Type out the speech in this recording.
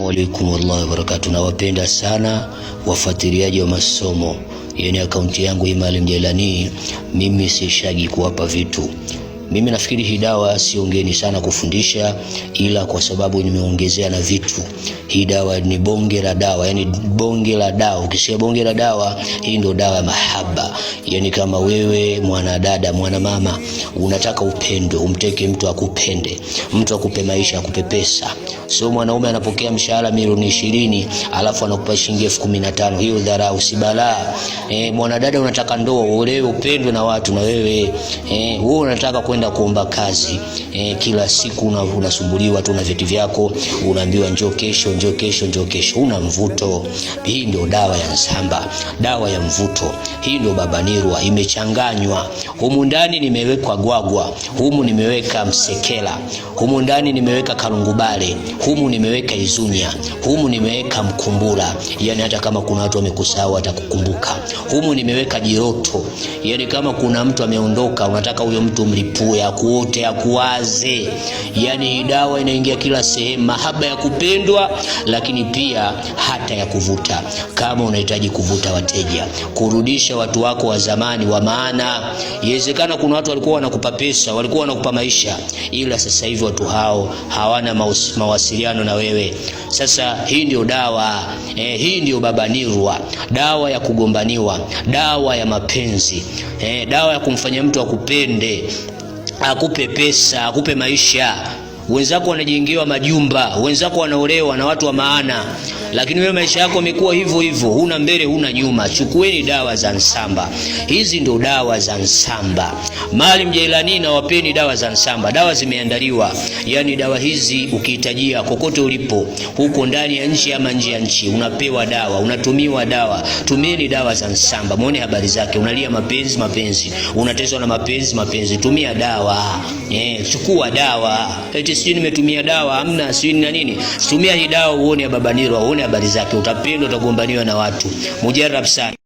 Alaikum warahmatullahi wabarakatuh. Nawapenda sana wafuatiliaji wa masomo, yani akaunti yangu hii Maalim Mimi sishagi kuwapa vitu mimi nafikiri hii dawa siongeni sana kufundisha, ila kwa sababu nimeongezea na vitu. Hii dawa ni bonge la dawa, yani bonge la dawa. Ukisikia bonge la dawa, hii ndio dawa ya mahaba. Yani kama wewe mwanadada, mwanamama, unataka upendo, umteke mtu akupende, mtu akupe maisha, akupe pesa. So mwanaume anapokea mshahara milioni ishirini alafu anakupa shilingi elfu kumi na tano. Hiyo dharau, si balaa. E, mwanadada unataka ndoa, uolewe, upendwe na watu, na wewe e, wewe unataka kwenda kuomba kazi eh, kila siku unasumbuliwa tu na vitu vyako, unaambiwa njoo kesho, njoo kesho, njoo kesho, una mvuto. Hii ndio dawa ya Nsamba, dawa ya mvuto. Hii ndio Babanirwa, imechanganywa humu ndani. Nimewekwa gwagwa, humu nimeweka msekela, humu ndani nimeweka karungubale, humu nimeweka izunya, humu nimeweka mkumbula, yani hata kama kuna watu wamekusahau watakukumbuka Humu nimeweka jiroto, yani kama kuna mtu ameondoka, unataka huyo mtu mlipue akuote akuwazi wazee. Yaani dawa inaingia kila sehemu, mahaba ya kupendwa, lakini pia hata ya kuvuta. Kama unahitaji kuvuta wateja, kurudisha watu wako wa zamani wa maana, iwezekana kuna watu walikuwa wanakupa pesa, walikuwa wanakupa maisha, ila sasa hivi watu hao hawana mawasiliano na wewe. Sasa hii ndio dawa eh, hii ndio babanirwa, dawa ya kugombaniwa, dawa ya mapenzi eh, dawa ya kumfanya mtu akupende akupe pesa, akupe maisha wenzako wanajengewa majumba, wenzako wanaolewa na watu wa maana, lakini wewe maisha yako yamekuwa hivyo hivyo, huna mbele, huna nyuma. Chukueni dawa za Nsamba, hizi ndo dawa za Nsamba. Maalim Jailani na wapeni dawa za Nsamba, dawa zimeandaliwa. Yani dawa hizi ukihitajia kokote ulipo, huko ndani ya nchi ama nje ya nchi, unapewa dawa, unatumiwa dawa. Tumieni dawa za Nsamba, muone habari zake. Unalia mapenzi, mapenzi, unateswa na mapenzi, mapenzi, tumia dawa eh, chukua dawa eti maandishi, sijui nimetumia dawa amna, sijui na nini. Tumia hii dawa uone Baba Nirwa, uone habari zake, utapendwa, utagombaniwa na watu, mujarab sana.